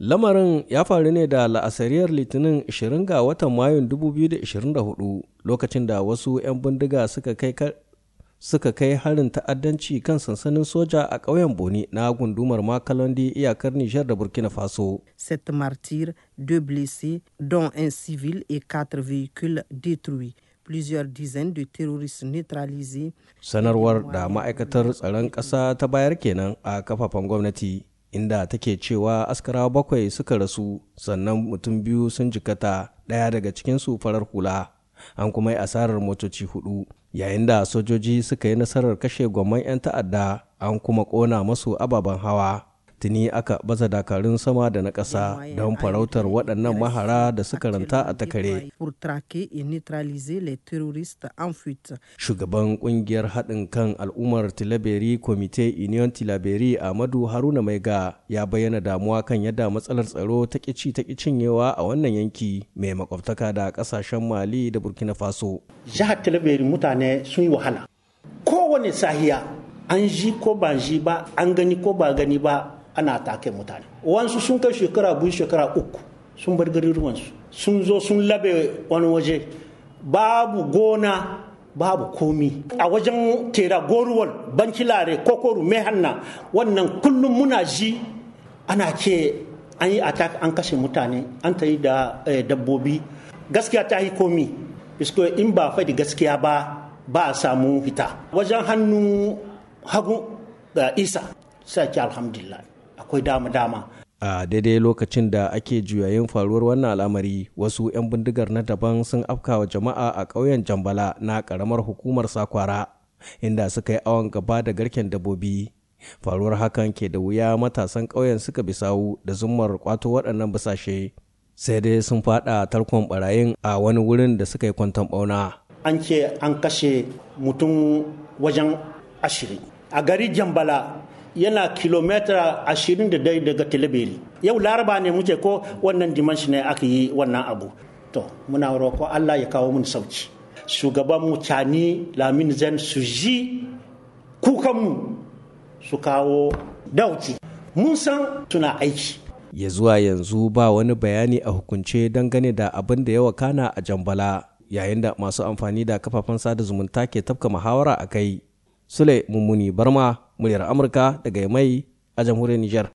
Lamarin ya faru ne da la'asariyar Litinin 20 ga watan Mayun 2024 lokacin da wasu 'yan bindiga suka kai harin ta'addanci kan sansanin soja a ƙauyen Boni na gundumar Makalondi iyakar Nijar da Burkina Faso. Sept martyrs, deux blessés, dont un civil et quatre véhicules détruits. plusieurs dizaines de terroristes neutralisés. Sanarwar da ma'aikatar tsaron ƙasa ta bayar kenan a kafafen gwamnati. inda take cewa askara bakwai suka rasu sannan mutum biyu sun jikata ɗaya daga cikinsu farar hula an kuma yi asarar motoci hudu yayin da sojoji suka yi nasarar kashe gwamman 'yan ta'adda an kuma ƙona masu ababen hawa tuni aka baza dakarun sama da na ƙasa don farautar waɗannan mahara da suka ranta a takare. Shugaban ƙungiyar haɗin kan al'ummar Tilaberi Komite Union Tilaberi Ahmadu Haruna Maiga ya bayyana damuwa kan yadda matsalar tsaro ta ƙici ta cinyewa a wannan yanki mai makwabtaka da kasashen Mali da Burkina Faso. Jihar Tilaberi mutane sun yi wahala. Kowane sahiya an ji ko ba ji ba an gani ko ba gani ba ana take mutane wansu sun kai shekara biyu shekara uku sun bar ruwansu sun zo sun labe wani waje babu gona babu komi a wajen tera goruwal bankilare kokoru mai hanna wannan kullum muna ji ana ce an yi attack an kashe mutane an ta yi da eh, dabbobi gaskiya ta yi komi isko in ba faɗi gaskiya ba ba a samu fita wajen hannu hagu ga isa sai ki alhamdulillah akwai dama-dama a daidai lokacin da ake juyayin faruwar wannan al'amari wasu 'yan bindigar na daban sun afkawa jama'a a ƙauyen jambala na ƙaramar hukumar sakwara inda suka yi awon gaba da garken dabobi faruwar hakan ke da wuya matasan ƙauyen suka bisawu da zumar kwato waɗannan bisashe sai dai sun fada tarkon barayin a wani wurin da suka yi kwanton bauna an ce an kashe mutum wajen ashirin a gari jambala yana kilometra ashirin da dai daga tilibiri yau laraba ne muke ko wannan dimanshi ne aka yi wannan abu to muna roƙo allah ya kawo mun sauci shugaban cani lamin zan su ji kukanmu su kawo dauki mun san suna aiki ya zuwa yanzu ba wani bayani a hukunce dangane da abin da ya wakana a jambala yayin da masu amfani da kafafen sada zumunta ke tafka muhawara a kai sule mummuni barma muryar Amurka daga mai a jamhuriyar Nijar.